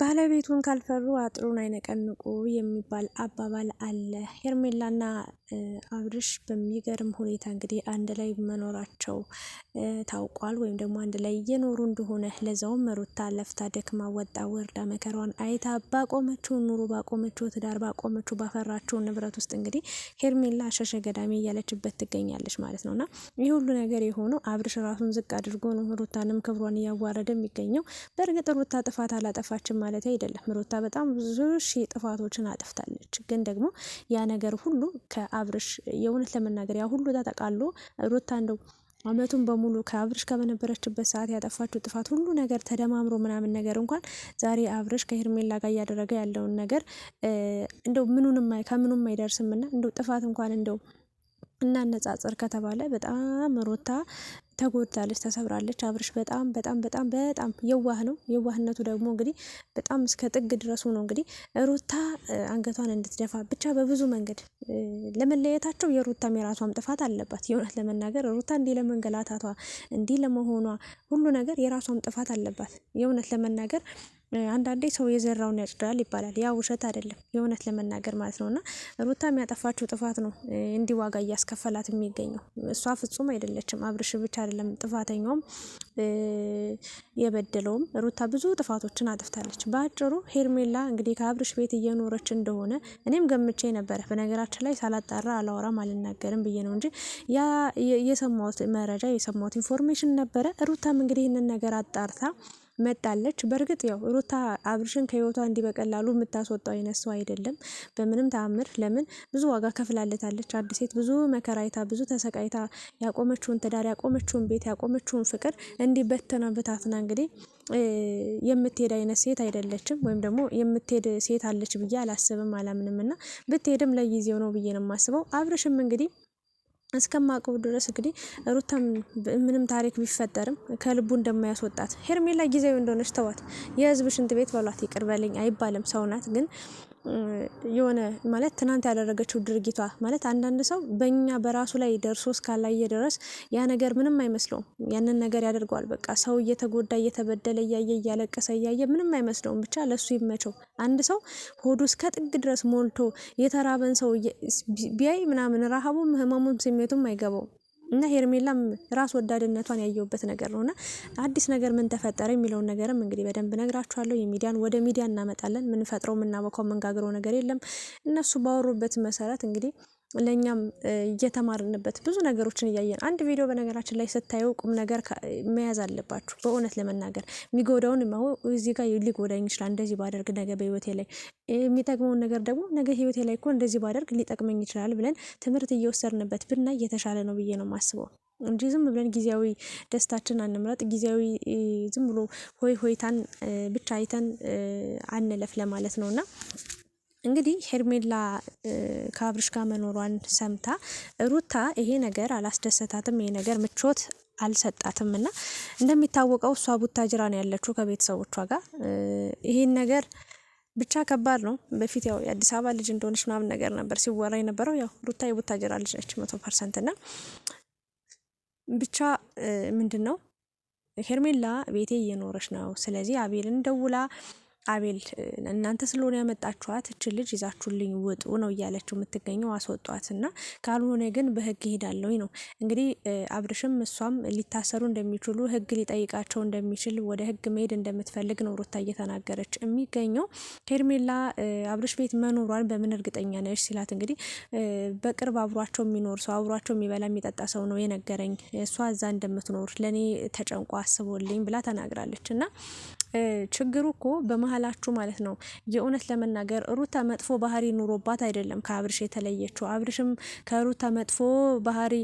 ባለቤቱን ካልፈሩ አጥሩን አይነቀንቁ የሚባል አባባል አለ። ሄርሜላና አብርሽ በሚገርም ሁኔታ እንግዲህ አንድ ላይ መኖራቸው ታውቋል፣ ወይም ደግሞ አንድ ላይ እየኖሩ እንደሆነ ለዛውም መሩታ ለፍታ ደክማ ወጣ ወርዳ መከራዋን አይታ ባቆመችው ኑሮ ባቆመችው ትዳር ባቆመችው ባፈራችው ንብረት ውስጥ እንግዲህ ሄርሜላ ሸሸ ገዳሚ እያለችበት ትገኛለች ማለት ነውና ይህ ሁሉ ነገር የሆነው አብርሽ ራሱን ዝቅ አድርጎ ነው ሩታንም ክብሯን እያዋረደ የሚገኘው። በእርግጥ ሩታ ጥፋት አላጠፋችም ማለት አይደለም። ሩታ በጣም ብዙ ሺ ጥፋቶችን አጥፍታለች። ግን ደግሞ ያ ነገር ሁሉ ከአብርሽ የእውነት ለመናገር ያ ሁሉ ተጠቃሎ ሩታ እንደው አመቱን በሙሉ ከአብርሽ ከበነበረችበት ሰዓት ያጠፋችው ጥፋት ሁሉ ነገር ተደማምሮ ምናምን ነገር እንኳን ዛሬ አብርሽ ከሄርሜላ ጋር እያደረገ ያለውን ነገር እንደው ምኑንም ከምኑም አይደርስምና እንደው ጥፋት እንኳን እንደው እናነጻጽር ከተባለ በጣም ሩታ ተጎድታለች፣ ተሰብራለች። አብርሽ በጣም በጣም በጣም በጣም የዋህ ነው። የዋህነቱ ደግሞ እንግዲህ በጣም እስከ ጥግ ድረሱ ነው። እንግዲህ ሩታ አንገቷን እንድትደፋ ብቻ በብዙ መንገድ ለመለየታቸው የሩታም የራሷም ጥፋት አለባት። የእውነት ለመናገር ሩታ እንዲህ ለመንገላታቷ እንዲህ ለመሆኗ ሁሉ ነገር የራሷም ጥፋት አለባት። የእውነት ለመናገር አንዳንዴ ሰው የዘራውን ያጭዳል ይባላል። ያ ውሸት አይደለም የእውነት ለመናገር ማለት ነው። እና ሩታ የሚያጠፋችው ጥፋት ነው እንዲህ ዋጋ እያስከፈላት የሚገኘው እሷ ፍጹም አይደለችም። አብርሽ ብቻ አይደለም ጥፋተኛውም የበደለውም ሩታ ብዙ ጥፋቶችን አጥፍታለች። በአጭሩ ሄርሜላ እንግዲህ ከአብርሽ ቤት እየኖረች እንደሆነ እኔም ገምቼ ነበረ። በነገራችን ላይ ሳላጣራ አላወራም አልናገርም ብዬ ነው እንጂ ያ የሰማሁት መረጃ የሰማሁት ኢንፎርሜሽን ነበረ። ሩታም እንግዲህ ይህንን ነገር አጣርታ መጣለች። በእርግጥ ያው ሩታ አብርሽን ከህይወቷ እንዲህ በቀላሉ የምታስወጣው አይነት ሰው አይደለም፣ በምንም ተአምር። ለምን ብዙ ዋጋ ከፍላለታለች። አዲስ ሴት ብዙ መከራይታ፣ ብዙ ተሰቃይታ ያቆመችውን ትዳር፣ ያቆመችውን ቤት፣ ያቆመችውን ፍቅር እንዲበተና ብታትና እንግዲህ የምትሄድ አይነት ሴት አይደለችም፣ ወይም ደግሞ የምትሄድ ሴት አለች ብዬ አላስብም አላምንም። እና ብትሄድም ለጊዜው ነው ብዬ ነው የማስበው። አብርሽም እንግዲህ እስከማቀው ድረስ እንግዲህ ሩታም ምንም ታሪክ ቢፈጠርም ከልቡ እንደማያስወጣት ሄርሜላ ጊዜያዊ እንደሆነች ተዋት። የህዝብ ሽንት ቤት በሏት፣ ይቅር በለኝ አይባልም። ሰውናት ግን የሆነ ማለት ትናንት ያደረገችው ድርጊቷ ማለት አንዳንድ ሰው በእኛ በራሱ ላይ ደርሶ እስካላየ ድረስ ያ ነገር ምንም አይመስለውም። ያንን ነገር ያደርገዋል። በቃ ሰው እየተጎዳ እየተበደለ እያየ እያለቀሰ እያየ ምንም አይመስለውም። ብቻ ለሱ ይመቸው። አንድ ሰው ሆዱ እስከ ጥግ ድረስ ሞልቶ የተራበን ሰው ቢያይ ምናምን ረሃቡም ህመሙም ስሜቱም አይገባውም። እና ሄርሜላም ራስ ወዳድነቷን ያየውበት ነገር ነው እና አዲስ ነገር ምን ተፈጠረ የሚለውን ነገርም እንግዲህ በደንብ ነግራችኋለሁ። የሚዲያን ወደ ሚዲያ እናመጣለን። ምንፈጥረው፣ ምናቦካው፣ የምንጋግረው ነገር የለም። እነሱ ባወሩበት መሰረት እንግዲህ ለእኛም እየተማርንበት ብዙ ነገሮችን እያየን አንድ ቪዲዮ በነገራችን ላይ ስታየው ቁም ነገር መያዝ አለባችሁ። በእውነት ለመናገር የሚጎዳውን እዚህ ጋር ሊጎዳኝ ይችላል፣ እንደዚህ ባደርግ ነገ በህይወቴ ላይ የሚጠቅመውን ነገር ደግሞ ነገ ህይወቴ ላይ እኮ እንደዚህ ባደርግ ሊጠቅመኝ ይችላል ብለን ትምህርት እየወሰድንበት ብናይ እየተሻለ ነው ብዬ ነው ማስበው እንጂ ዝም ብለን ጊዜያዊ ደስታችን አንምረጥ። ጊዜያዊ ዝም ብሎ ሆይ ሆይታን ብቻ አይተን አንለፍ ለማለት ነው እና እንግዲህ ሄርሜላ ከአብርሽ ጋር መኖሯን ሰምታ ሩታ ይሄ ነገር አላስደሰታትም፣ ይሄ ነገር ምቾት አልሰጣትም እና እንደሚታወቀው እሷ ቡታጅራ ነው ያለችው ከቤተሰቦቿ ጋር ይሄን ነገር ብቻ ከባድ ነው። በፊት ያው የአዲስ አበባ ልጅ እንደሆነች ምናምን ነገር ነበር ሲወራ የነበረው። ያው ሩታ የቡታጅራ ልጅ ነች መቶ ፐርሰንት እና ብቻ ምንድን ነው ሄርሜላ ቤቴ እየኖረች ነው። ስለዚህ አቤልን ደውላ አቤል እናንተ ስለሆነ ያመጣችኋት እች ልጅ ይዛችሁልኝ ውጡ ነው እያለችው የምትገኘው። አስወጧት እና ካልሆነ ግን በህግ ይሄዳለሁ ነው እንግዲህ አብርሽም እሷም ሊታሰሩ እንደሚችሉ ህግ ሊጠይቃቸው እንደሚችል ወደ ህግ መሄድ እንደምትፈልግ ነው ሩታ እየተናገረች የሚገኘው። ሄርሜላ አብርሽ ቤት መኖሯን በምን እርግጠኛ ነች ሲላት፣ እንግዲህ በቅርብ አብሯቸው የሚኖር ሰው አብሯቸው የሚበላ የሚጠጣ ሰው ነው የነገረኝ እሷ እዛ እንደምትኖር ለእኔ ተጨንቆ አስቦልኝ ብላ ተናግራለች እና ችግሩ እኮ በመሀላችሁ ማለት ነው። የእውነት ለመናገር ሩታ መጥፎ ባህሪ ኑሮባት አይደለም ከአብርሽ የተለየችው። አብርሽም ከሩታ መጥፎ ባህሪ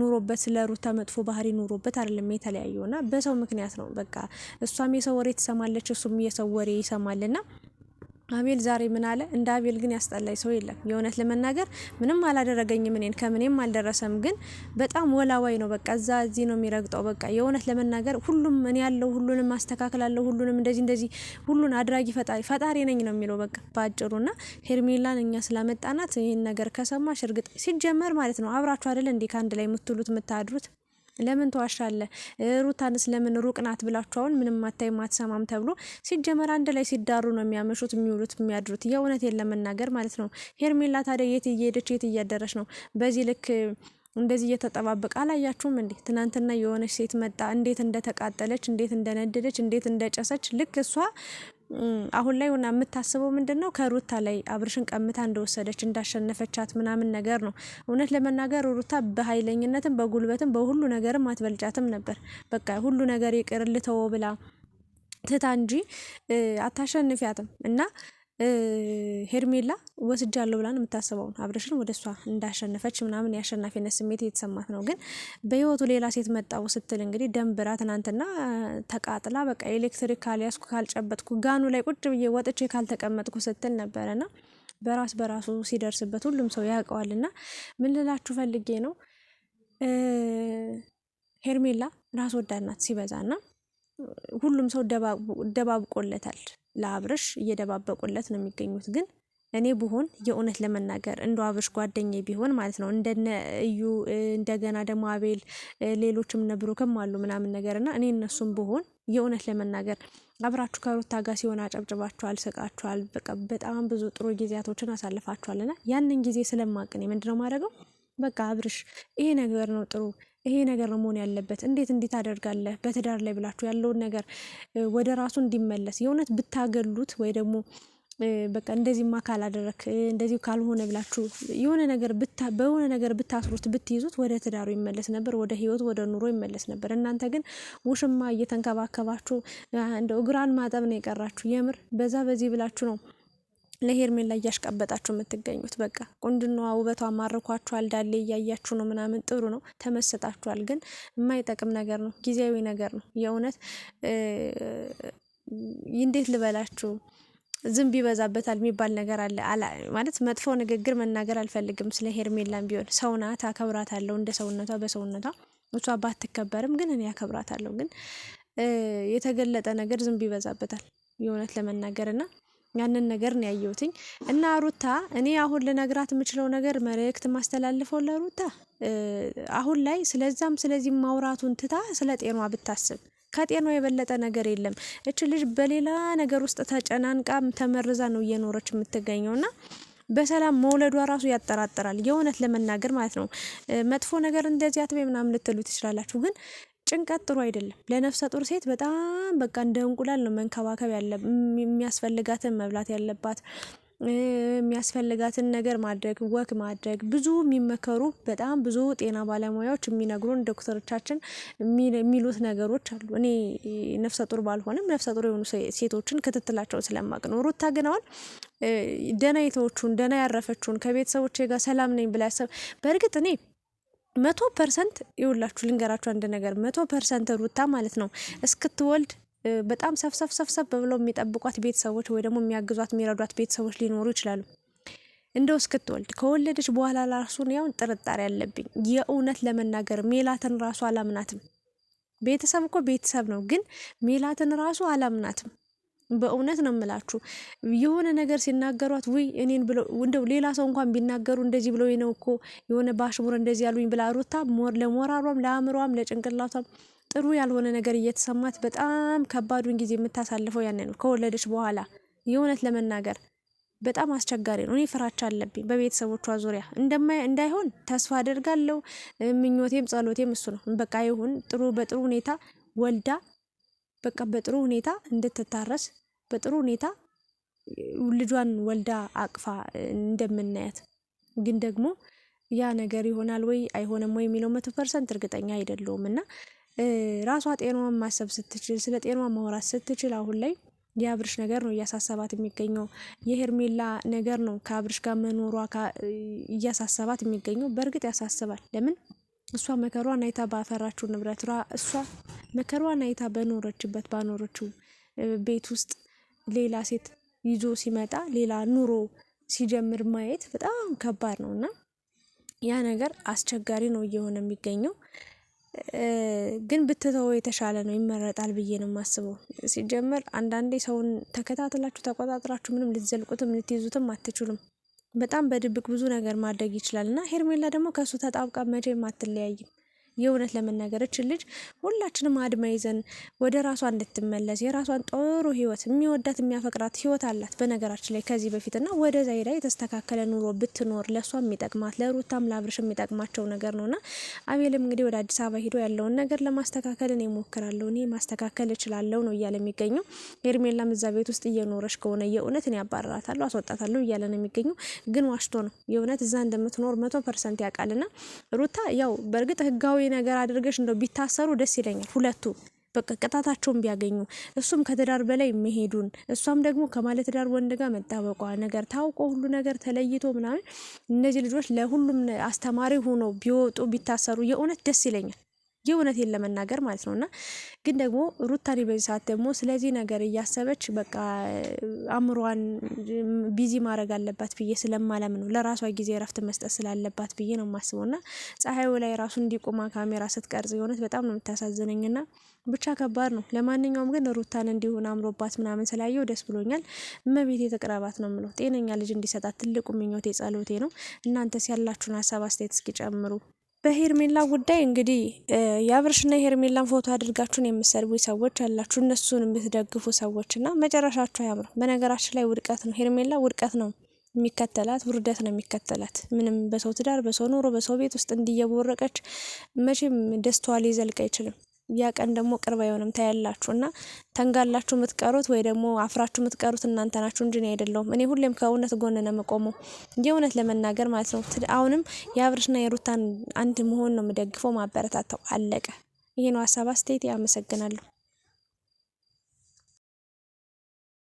ኑሮበት ስለ ሩታ መጥፎ ባህሪ ኑሮበት አይደለም የተለያየው እና በሰው ምክንያት ነው። በቃ እሷም የሰው ወሬ ትሰማለች፣ እሱም የሰው ወሬ ይሰማልና አቤል ዛሬ ምን አለ? እንደ አቤል ግን ያስጠላኝ ሰው የለም። የእውነት ለመናገር ምንም አላደረገኝም፣ እኔን ከምኔም አልደረሰም። ግን በጣም ወላዋይ ነው። በቃ እዛ እዚህ ነው የሚረግጠው። በቃ የእውነት ለመናገር ሁሉም እኔ ያለው ሁሉንም አስተካክላለሁ፣ ሁሉንም እንደዚህ እንደዚህ፣ ሁሉን አድራጊ ፈጣሪ ፈጣሪ ነኝ ነው የሚለው በቃ በአጭሩ። ና ሄርሜላን እኛ ስላመጣናት ይህን ነገር ከሰማሽ እርግጥ ሲጀመር ማለት ነው አብራችሁ አይደል እንዴ ከአንድ ላይ የምትውሉት የምታድሩት ለምን ተዋሻለህ? ሩታንስ ለምን ሩቅ ናት ብላችሁ አሁን ምንም ማታይ ማትሰማም ተብሎ ሲጀመር አንድ ላይ ሲዳሩ ነው የሚያመሹት የሚውሉት የሚያድሩት። የእውነቴን ለመናገር ማለት ነው። ሄርሜላ ታዲያ የት እየሄደች የት እያደረች ነው? በዚህ ልክ እንደዚህ እየተጠባበቀ አላያችሁም እንዴ? ትናንትና የሆነች ሴት መጣ፣ እንዴት እንደተቃጠለች፣ እንዴት እንደነደደች፣ እንዴት እንደጨሰች ልክ እሷ አሁን ላይ ሆና የምታስበው ምንድን ነው ከሩታ ላይ አብርሽን ቀምታ እንደወሰደች እንዳሸነፈቻት ምናምን ነገር ነው። እውነት ለመናገር ሩታ በኃይለኝነትም በጉልበትም በሁሉ ነገርም አትበልጫትም ነበር። በቃ ሁሉ ነገር ይቅር ልተወው ብላ ትታ እንጂ አታሸንፊያትም እና ሄርሜላ ወስጃለሁ ብላን የምታስበው አብርሽን ወደ እሷ እንዳሸነፈች ምናምን የአሸናፊነት ስሜት እየተሰማት ነው። ግን በህይወቱ ሌላ ሴት መጣው ስትል እንግዲህ ደንብራ ትናንትና ተቃጥላ በቃ ኤሌክትሪክ ካልያዝኩ ካልጨበጥኩ ጋኑ ላይ ቁጭ ብዬ ወጥቼ ካልተቀመጥኩ ስትል ነበረና በራስ በራሱ ሲደርስበት ሁሉም ሰው ያውቀዋልና ምን ልላችሁ ፈልጌ ነው ሄርሜላ ራስ ወዳድ ናት ሲበዛና ሁሉም ሰው ደባብቆለታል። ለአብርሽ እየደባበቁለት ነው የሚገኙት። ግን እኔ ብሆን የእውነት ለመናገር እንደ አብርሽ ጓደኛ ቢሆን ማለት ነው እንደነ እዩ እንደገና ደግሞ አቤል ሌሎችም እነ አሉ ምናምን ነገር እና እኔ እነሱም ብሆን የእውነት ለመናገር አብራችሁ ከሩታ ጋር ሲሆን አጨብጭባችኋል፣ ስቃችኋል፣ በቃ በጣም ብዙ ጥሩ ጊዜያቶችን አሳልፋችኋልና ያንን ጊዜ ስለማቅን ምንድነው ማድረገው በቃ አብርሽ ይሄ ነገር ነው ጥሩ ይሄ ነገር ነው መሆን ያለበት። እንዴት እንዴት አደርጋለ በትዳር ላይ ብላችሁ ያለውን ነገር ወደ ራሱ እንዲመለስ የእውነት ብታገሉት ወይ ደግሞ በቃ እንደዚህማ ካላደረክ እንደዚህ ካልሆነ ብላችሁ የሆነ ነገር በሆነ ነገር ብታስሩት ብትይዙት ወደ ትዳሩ ይመለስ ነበር፣ ወደ ህይወት ወደ ኑሮ ይመለስ ነበር። እናንተ ግን ውሽማ እየተንከባከባችሁ እንደው እግራን ማጠብ ነው የቀራችሁ። የምር በዛ በዚህ ብላችሁ ነው ለሄርሜላ እያሽቀበጣችሁ የምትገኙት በቃ ቁንጅናዋ ውበቷ ማርኳችኋል። ዳሌ እያያችሁ ነው ምናምን ጥሩ ነው፣ ተመሰጣችኋል። ግን የማይጠቅም ነገር ነው፣ ጊዜያዊ ነገር ነው። የእውነት እንዴት ልበላችሁ ዝንብ ይበዛበታል የሚባል ነገር አለ። ማለት መጥፎ ንግግር መናገር አልፈልግም ስለ ሄርሜላም ቢሆን ሰው ናት፣ አከብራታለሁ። እንደ ሰውነቷ በሰውነቷ እሷ ባትከበርም ግን እኔ አከብራታለሁ። ግን የተገለጠ ነገር ዝንብ ይበዛበታል የእውነት ለመናገር እና ያንን ነገር ነው ያየሁትኝ። እና ሩታ እኔ አሁን ልነግራት የምችለው ነገር መልእክት ማስተላልፈው ለሩታ አሁን ላይ ስለዛም ስለዚህ ማውራቱን ትታ ስለ ጤኗ ብታስብ ከጤናው የበለጠ ነገር የለም። እች ልጅ በሌላ ነገር ውስጥ ተጨናንቃ ተመርዛ ነው እየኖረች የምትገኘውና በሰላም መውለዷ ራሱ ያጠራጥራል። የእውነት ለመናገር ማለት ነው። መጥፎ ነገር እንደዚህ አትበይ ምናምን ልትሉ ትችላላችሁ፣ ግን ጭንቀት ጥሩ አይደለም። ለነፍሰ ጡር ሴት በጣም በቃ እንደ እንቁላል ነው መንከባከብ የሚያስፈልጋትን መብላት ያለባት የሚያስፈልጋትን ነገር ማድረግ ወክ ማድረግ ብዙ የሚመከሩ በጣም ብዙ ጤና ባለሙያዎች የሚነግሩን ዶክተሮቻችን የሚሉት ነገሮች አሉ። እኔ ነፍሰ ጡር ባልሆንም ነፍሰ ጡር የሆኑ ሴቶችን ክትትላቸው ስለማቅ ነው። ሩታ ግን አሁን ደህና የተወቹን ያረፈችውን ከቤተሰቦች ጋር ሰላም ነኝ ብላ ያሰብ በእርግጥ እኔ መቶ ፐርሰንት ይውላችሁ ልንገራችሁ አንድ ነገር መቶ ፐርሰንት ሩታ ማለት ነው እስክትወልድ በጣም ሰብሰብ ሰብሰብ ብለው የሚጠብቋት ቤተሰቦች ወይ ደግሞ የሚያግዟት የሚረዷት ቤተሰቦች ሊኖሩ ይችላሉ። እንደው እስክትወልድ ከወለደች በኋላ ራሱን ያውን ጥርጣሬ አለብኝ የእውነት ለመናገር ሜላትን ራሱ አላምናትም። ቤተሰብ እኮ ቤተሰብ ነው፣ ግን ሜላትን ራሱ አላምናትም። በእውነት ነው የምላችሁ የሆነ ነገር ሲናገሯት ውይ እኔን ብለው እንደው ሌላ ሰው እንኳን ቢናገሩ እንደዚህ ብለው ነው እኮ የሆነ ባሽሙር እንደዚህ ያሉኝ ብላ ሩታ ለሞራሯም ለአእምሯም ለጭንቅላቷም ጥሩ ያልሆነ ነገር እየተሰማት በጣም ከባዱን ጊዜ የምታሳልፈው ያን ነው ከወለደች በኋላ የእውነት ለመናገር በጣም አስቸጋሪ ነው። እኔ ፍራቻ አለብኝ በቤተሰቦቿ ዙሪያ እንዳይሆን ተስፋ አደርጋለሁ። ምኞቴም ጸሎቴም እሱ ነው። በቃ ይሁን ጥሩ በጥሩ ሁኔታ ወልዳ በቃ በጥሩ ሁኔታ እንድትታረስ በጥሩ ሁኔታ ልጇን ወልዳ አቅፋ እንደምናያት ግን ደግሞ ያ ነገር ይሆናል ወይ አይሆንም ወይ የሚለው መቶ ፐርሰንት እርግጠኛ አይደለውም እና ራሷ ጤናዋን ማሰብ ስትችል ስለ ጤናዋ ማውራት ስትችል አሁን ላይ የአብርሽ ነገር ነው እያሳሰባት የሚገኘው። የሄርሜላ ነገር ነው ከአብርሽ ጋር መኖሯ እያሳሰባት የሚገኘው። በእርግጥ ያሳስባል። ለምን እሷ መከሯን አይታ ባፈራችው ንብረት እሷ መከሯን አይታ በኖረችበት ባኖረችው ቤት ውስጥ ሌላ ሴት ይዞ ሲመጣ ሌላ ኑሮ ሲጀምር ማየት በጣም ከባድ ነው እና ያ ነገር አስቸጋሪ ነው እየሆነ የሚገኘው። ግን ብትተው የተሻለ ነው ይመረጣል ብዬ ነው የማስበው። ሲጀመር አንዳንዴ ሰውን ተከታትላችሁ ተቆጣጥራችሁ ምንም ልትዘልቁትም ልትይዙትም አትችሉም። በጣም በድብቅ ብዙ ነገር ማድረግ ይችላል እና ሄርሜላ ደግሞ ከእሱ ተጣብቃ መቼም አትለያይም። የእውነት ለመናገር እችን ልጅ ሁላችንም አድማ ይዘን ወደ ራሷ እንድትመለስ የራሷን ጥሩ ህይወት የሚወዳት የሚያፈቅራት ህይወት አላት በነገራችን ላይ ከዚህ በፊት ና ወደ ዛይዳ የተስተካከለ ኑሮ ብትኖር ለእሷ የሚጠቅማት ለሩታም ላብርሽ የሚጠቅማቸው ነገር ነው። ና አቤልም እንግዲህ ወደ አዲስ አበባ ሂዶ ያለውን ነገር ለማስተካከል እኔ ሞክራለሁ እኔ ማስተካከል እችላለሁ ነው እያለ የሚገኙ ሄርሜላም እዛ ቤት ውስጥ እየኖረች ከሆነ የእውነት እኔ አባረራታለሁ አስወጣታለሁ እያለ ነው የሚገኙ። ግን ዋሽቶ ነው የእውነት እዛ እንደምትኖር መቶ ፐርሰንት ያውቃል። ና ሩታ ያው በእርግጥ ህጋዊ ነገር አድርገሽ እንደው ቢታሰሩ ደስ ይለኛል። ሁለቱ በቃ ቅጣታቸውን ቢያገኙ እሱም ከትዳር በላይ መሄዱን እሷም ደግሞ ከባለ ትዳር ወንድ ጋር መጣበቋ ነገር ታውቆ ሁሉ ነገር ተለይቶ ምናምን እነዚህ ልጆች ለሁሉም አስተማሪ ሆኖ ቢወጡ ቢታሰሩ የእውነት ደስ ይለኛል። የእውነቴን ለመናገር ማለት ነው። እና ግን ደግሞ ሩታኔ በዚህ ሰዓት ደግሞ ስለዚህ ነገር እያሰበች በቃ አእምሯን ቢዚ ማድረግ አለባት ብዬ ስለማለም ነው ለራሷ ጊዜ እረፍት መስጠት ስላለባት ብዬ ነው የማስበው። እና ፀሐዩ ላይ ራሱ እንዲቆማ ካሜራ ስትቀርጽ የሆነት በጣም ነው የምታሳዝነኝ። ና ብቻ ከባድ ነው። ለማንኛውም ግን ሩታን እንዲሆን አምሮባት ምናምን ስላየው ደስ ብሎኛል። እመቤት የተቅረባት ነው ምለው ጤነኛ ልጅ እንዲሰጣት ትልቁ ምኞቴ ጸሎቴ ነው። እናንተስ ያላችሁን ሀሳብ አስተያየት እስኪጨምሩ በሄርሜላ ጉዳይ እንግዲህ የአብርሽና የሄርሜላን ፎቶ አድርጋችሁን የምትሰድቡ ሰዎች ያላችሁ እነሱን የምትደግፉ ሰዎች እና መጨረሻችሁ አያምርም። በነገራችን ላይ ውድቀት ነው ሄርሜላ ውድቀት ነው የሚከተላት ውርደት ነው የሚከተላት። ምንም በሰው ትዳር፣ በሰው ኑሮ፣ በሰው ቤት ውስጥ እንዲየቦረቀች መቼም ደስታዋ ሊዘልቅ አይችልም። ያ ቀን ደግሞ ቅርብ አይሆንም ታያላችሁ። እና ተንጋላችሁ የምትቀሩት ወይ ደግሞ አፍራችሁ የምትቀሩት እናንተ ናችሁ እንጂ እኔ አይደለሁም። እኔ ሁሌም ከእውነት ጎን ነው የምቆመው፣ የእውነት ለመናገር ማለት ነው። አሁንም የአብርሽና የሩታን አንድ መሆን ነው የምደግፈው፣ ማበረታታው አለቀ። ይሄ ነው ሀሳብ አስተያየት። አመሰግናለሁ።